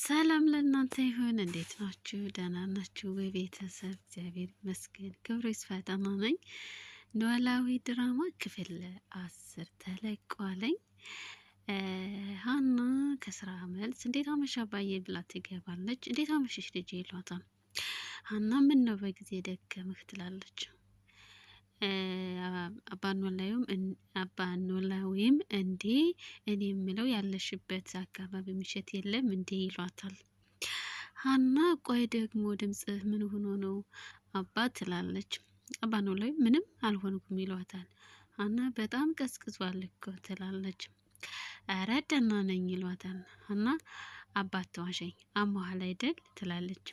ሰላም ለእናንተ ይሁን። እንዴት ናችሁ? ደህና ናችሁ በቤተሰብ ቤተሰብ? እግዚአብሔር ይመስገን፣ ክብሩ ይስፋ። ጠማመኝ ኖላዊ ድራማ ክፍል አስር ተለቋለኝ። ሀና ከስራ መልስ እንዴት አመሻ ባየ ብላ ትገባለች። እንዴት አመሸሽ ልጅ ይሏታል። ሀና ምን ነው በጊዜ ደከምህ ትላለች። አባኖላ ወይም እንዴ እኔ የምለው ያለሽበት አካባቢ ምሸት የለም እንዴ ይሏታል። ሀና ቆይ ደግሞ ድምፅህ ምን ሆኖ ነው አባ ትላለች። አባኖላይ ምንም አልሆንኩም ይሏታል። ሀና በጣም ቀዝቅዟል እኮ ትላለች። ኧረ ደህና ነኝ ይሏታል። ሀና አባ ተዋሸኝ አሞሃል አይደል ትላለች።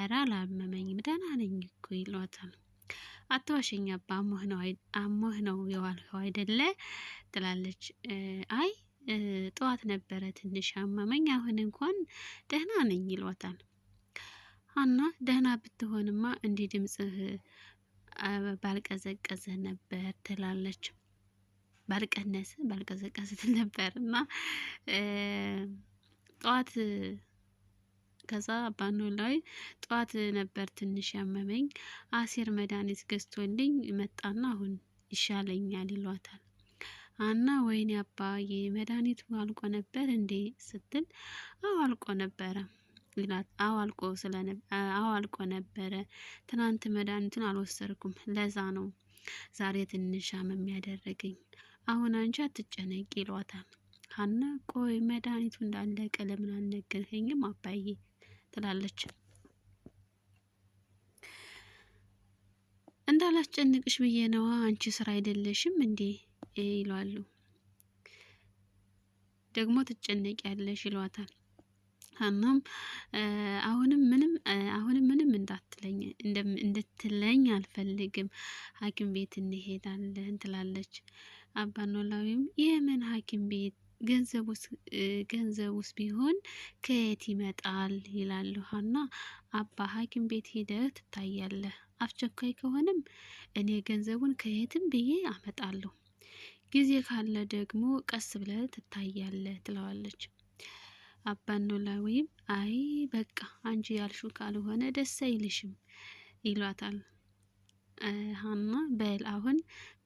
ኧረ አላመመኝም ደህና ነኝ እኮ ይሏታል። አትዋሸኝ አባ አሞህ ነው የዋልከው አይደለ ትላለች። አይ ጠዋት ነበረ ትንሽ አመመኝ፣ አሁን እንኳን ደህና ነኝ ይሏታል። አና ደህና ብትሆንማ እንዲህ ድምጽህ ባልቀዘቀዘ ነበር ትላለች። ባልቀነስ ባልቀዘቀዘ ነበር እና ጠዋት ከዛ አባኖ ላይ ጠዋት ነበር ትንሽ ያመመኝ አሴር መድኃኒት ገዝቶልኝ መጣና አሁን ይሻለኛል ይሏታል። አና ወይኔ አባዬ መድኃኒቱ አልቆ ነበር እንዴ ስትል አዎ አልቆ ነበረ ይላት። አዎ አልቆ አዎ አልቆ ነበረ ትናንት መድኃኒቱን አልወሰድኩም ለዛ ነው ዛሬ ትንሽ አመም ያደረገኝ። አሁን አንቺ አትጨነቂ ይሏታል። ሀና ቆይ መድኃኒቱ እንዳለቀ ለምን አልነገርከኝም አባዬ ትላለች። እንዳላስጨንቅሽ ብዬ ነዋ፣ አንቺ ስራ አይደለሽም እንዴ ይሏሉ። ደግሞ ትጨነቂ ያለሽ ይሏታል። ሀናም አሁንም ምንም አሁንም ምንም እንዳትለኝ እንድትለኝ አልፈልግም፣ ሐኪም ቤት እንሄዳለን ትላለች። አባ ኖላዊም የምን ሐኪም ቤት ገንዘቡስ ቢሆን ከየት ይመጣል ይላሉ ሀና። አባ ሐኪም ቤት ሄደህ ትታያለህ። አስቸኳይ ከሆነም እኔ ገንዘቡን ከየትም ብዬ አመጣለሁ። ጊዜ ካለ ደግሞ ቀስ ብለህ ትታያለህ ትለዋለች። አባኖላዊም አይ በቃ አንቺ ያልሹ ካልሆነ ደስ አይልሽም ይሏታል። ሀና በል አሁን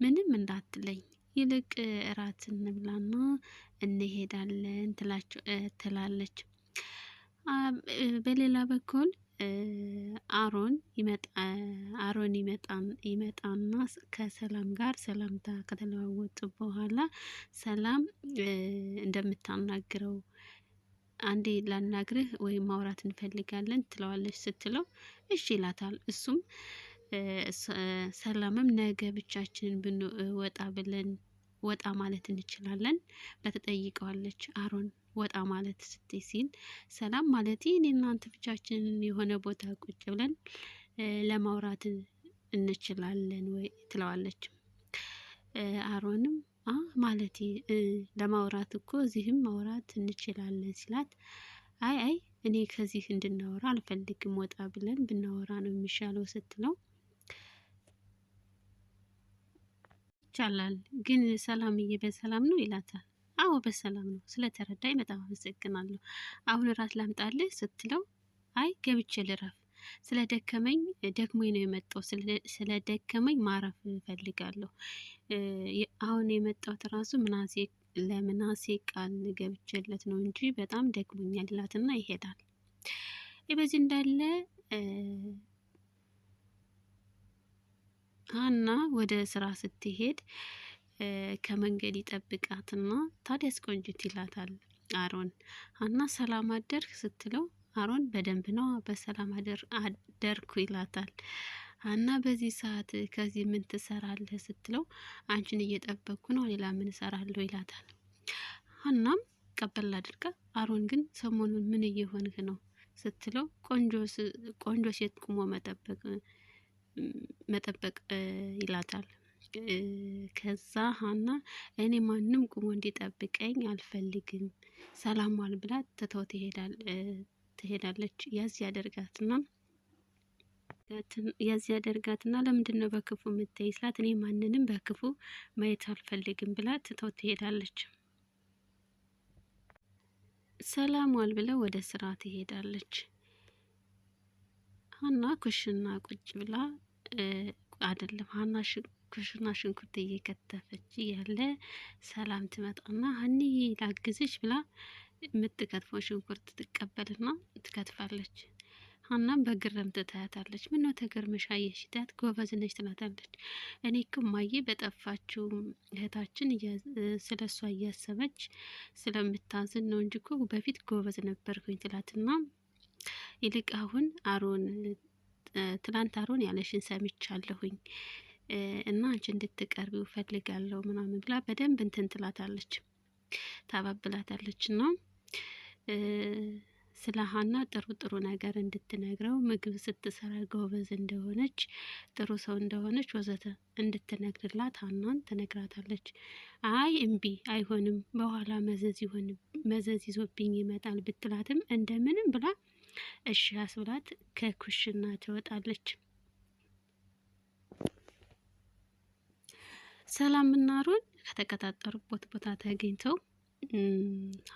ምንም እንዳትለኝ ይልቅ እራት እንብላና እንሄዳለን ትላለች። በሌላ በኩል አሮን ይመጣ አሮን ይመጣና ከሰላም ጋር ሰላምታ ከተለዋወጡ በኋላ ሰላም እንደምታናግረው አንዴ ላናግርህ ወይም ማውራት እንፈልጋለን ትለዋለች ስትለው እሺ ይላታል። እሱም ሰላምም ነገ ብቻችንን ብንወጣ ብለን ወጣ ማለት እንችላለን ብላ ተጠይቀዋለች። አሮን ወጣ ማለት ስትይ ሲል ሰላም ማለት እኔ እናንተ ብቻችንን የሆነ ቦታ ቁጭ ብለን ለማውራት እንችላለን ወይ ትለዋለች። አሮንም አ ማለት ለማውራት እኮ እዚህም ማውራት እንችላለን ሲላት፣ አይ አይ እኔ ከዚህ እንድናወራ አልፈልግም ወጣ ብለን ብናወራ ነው የሚሻለው ስትለው ይቻላል ግን ሰላምዬ በሰላም ነው ይላታል። አዎ በሰላም ነው፣ ስለተረዳኝ በጣም አመሰግናለሁ። አሁን እራት ላምጣልህ ስትለው አይ ገብቼ ልረፍ፣ ስለደከመኝ ደክሞኝ ነው የመጣው፣ ስለደከመኝ ማረፍ እፈልጋለሁ። አሁን የመጣሁት ራሱ ምናሴ ለምናሴ ቃል ገብቼለት ነው እንጂ በጣም ደክሞኛል ይላትና ይሄዳል። በዚህ እንዳለ ሀና ወደ ስራ ስትሄድ ከመንገድ ይጠብቃትና ታዲያስ ቆንጅት ይላታል አሮን። ሀና ሰላም አደርክ ስትለው አሮን በደንብ ነው በሰላም አደርኩ ይላታል። ሀና በዚህ ሰዓት ከዚህ ምን ትሰራለህ ስትለው አንቺን እየጠበቅኩ ነው ሌላ ምን እሰራለሁ ይላታል። ሀናም ቀበል አድርጋ አሮን ግን ሰሞኑን ምን እየሆንህ ነው ስትለው ቆንጆ ሴት ቁሞ መጠበቅ መጠበቅ ይላታል። ከዛ ሀና እኔ ማንም ቁሞ እንዲጠብቀኝ አልፈልግም ሰላሟል ብላ ትተው ትሄዳለች። ያዝ ያደርጋትና ያዝ ያደርጋትና ለምንድን ነው በክፉ የምታይ ስላት እኔ ማንንም በክፉ ማየት አልፈልግም ብላ ትተው ትሄዳለች። ሰላሟል ብላ ወደ ስራ ትሄዳለች። ሀና ኩሽና ቁጭ ብላ አይደለም ሀና ኩሽና ሽንኩርት እየከተፈች ያለ ሰላም ትመጣና ሀኒ ላግዝሽ ብላ የምትከትፈው ሽንኩርት ትቀበልና ትከትፋለች። ሀናም በግርም ትታያታለች። ምን ነው ተገርመሽ አየሽ? ትያት ጎበዝ ነች ትላታለች። እኔ እኮ በጠፋችው እህታችን ስለ እሷ እያሰበች ስለምታዝን ነው እንጂ እኮ በፊት ጎበዝ ነበርኩኝ ትላትና ይልቅ አሁን አሮን ትላንት አሮን ያለሽን ሰምቻለሁኝ እና አንቺ እንድትቀርቢው ፈልጋለሁ ምናምን ብላ በደንብ እንትን ትላታለች፣ ታባብላታለች እና ስለ ሀና ጥሩ ጥሩ ነገር እንድትነግረው ምግብ ስትሰራ ጎበዝ እንደሆነች ጥሩ ሰው እንደሆነች ወዘተ እንድትነግርላት ሀናን ትነግራታለች። አይ እምቢ አይሆንም፣ በኋላ መዘዝ ይሆን መዘዝ ይዞብኝ ይመጣል ብትላትም እንደምንም ብላ እሺ አስብላት ከኩሽና ትወጣለች። ሰላም እና ሮን ከተቀጣጠሩበት ቦታ ተገኝተው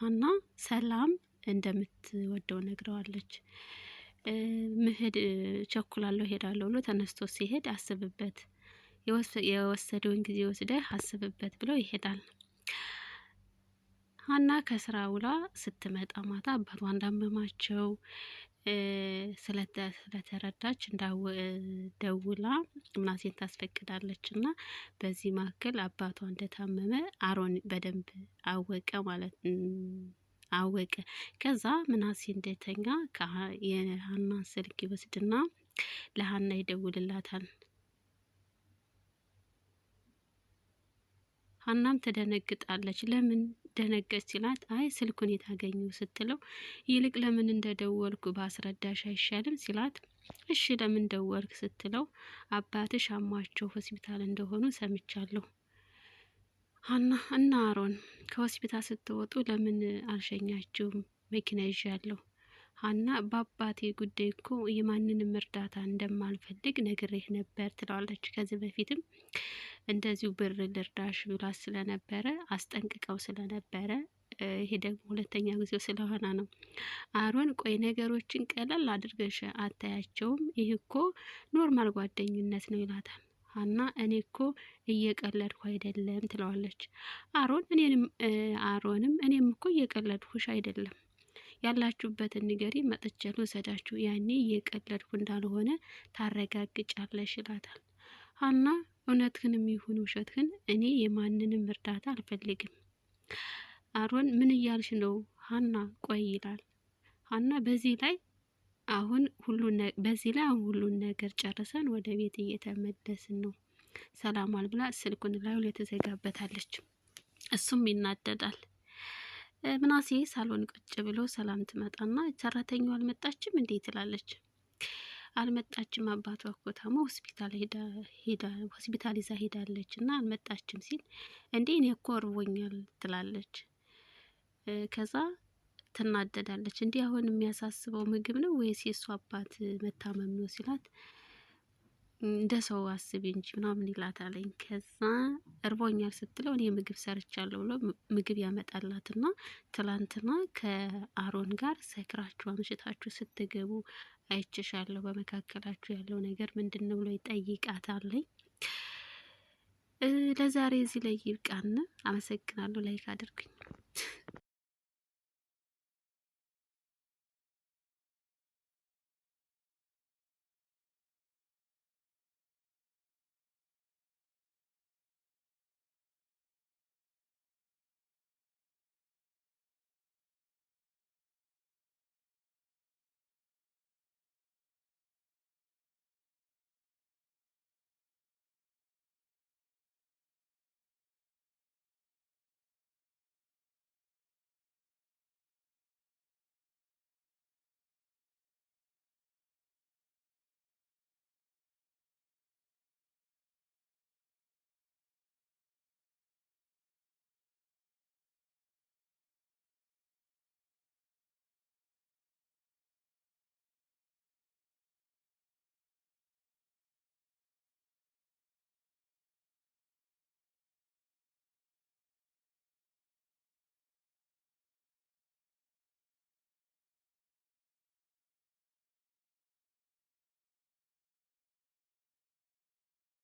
ሀና ሰላም እንደምትወደው ነግረዋለች። ምሄድ ቸኩላለሁ ሄዳለሁ ብሎ ተነስቶ ሲሄድ አስብበት የወሰደውን ጊዜ ወስደህ አስብበት ብለው ይሄዳል። ሀና ከስራ ውላ ስትመጣ ማታ አባቷ እንዳመማቸው ስለተረዳች እንዳደውላ ምናሴን ታስፈቅዳለች እና በዚህ መካከል አባቷ እንደታመመ አሮን በደንብ አወቀ ማለት አወቀ። ከዛ ምናሴ እንደተኛ የሀናን ስልክ ይወስድና ለሀና ይደውልላታል። ሀናም ትደነግጣለች። ለምን ደነገጥ ሲላት አይ ስልኩን የታገኙ ስትለው ይልቅ ለምን እንደደወልኩ በአስረዳሽ አይሻልም ሲላት እሺ ለምን ደወልክ ስትለው አባትሽ አሟቸው ሆስፒታል እንደሆኑ ሰምቻለሁ። ሀና እና አሮን ከሆስፒታል ስትወጡ ለምን አልሸኛችሁም? መኪና ይዣለሁ ሀና በአባቴ ጉዳይ እኮ የማንንም እርዳታ እንደማልፈልግ ነግሬህ ነበር ትለዋለች። ከዚህ በፊትም እንደዚሁ ብር ልርዳሽ ብሏት ስለነበረ አስጠንቅቀው ስለነበረ ይሄ ደግሞ ሁለተኛ ጊዜው ስለሆነ ነው። አሮን ቆይ ነገሮችን ቀለል አድርገሽ አታያቸውም፣ ይህ እኮ ኖርማል ጓደኝነት ነው ይላታል። ሀና እኔ እኮ እየቀለድኩ አይደለም ትለዋለች። አሮን እኔንም አሮንም እኔም እኮ እየቀለድኩሽ አይደለም ያላችሁበትን ንገሪ መጥቼ ልውሰዳችሁ፣ ያኔ እየቀለድኩ እንዳልሆነ ታረጋግጫለሽ ይላታል። ሀና እውነትህንም ይሁን ውሸትህን እኔ የማንንም እርዳታ አልፈልግም። አሮን ምን እያልሽ ነው ሀና? ቆይ ይላል። ሀና በዚህ ላይ አሁን ሁሉን በዚህ ላይ አሁን ሁሉን ነገር ጨርሰን ወደ ቤት እየተመለስን ነው ሰላም አልብላ ስልኩን ላዩ ላይ ተዘጋበታለች። እሱም ይናደዳል። ምናሴ ሳሎን ቁጭ ብሎ ሰላም ትመጣና ሰራተኛው አልመጣችም እንዴ ትላለች። አልመጣችም አባቷ እኮ ታሞ ሆስፒታል ሄዳ ሆስፒታል ይዛ ሄዳለች እና አልመጣችም ሲል እንዴ እኔ እኮ እርቦኛል ትላለች። ከዛ ትናደዳለች። እንዲህ አሁን የሚያሳስበው ምግብ ነው ወይስ የእሱ አባት መታመም ነው ሲላት እንደ ሰው አስቢ እንጂ ምናምን ይላታለኝ። ከዛ እርቦኛል ስትለው እኔ ምግብ ሰርቻለሁ ብሎ ምግብ ያመጣላትና ትላንትና ከአሮን ጋር ሰክራችሁ አምሽታችሁ ስትገቡ አይችሻለሁ፣ በመካከላችሁ ያለው ነገር ምንድን ነው ብሎ ይጠይቃታለኝ። ለዛሬ እዚህ ላይ ይብቃን። አመሰግናለሁ። ላይክ አድርግኝ።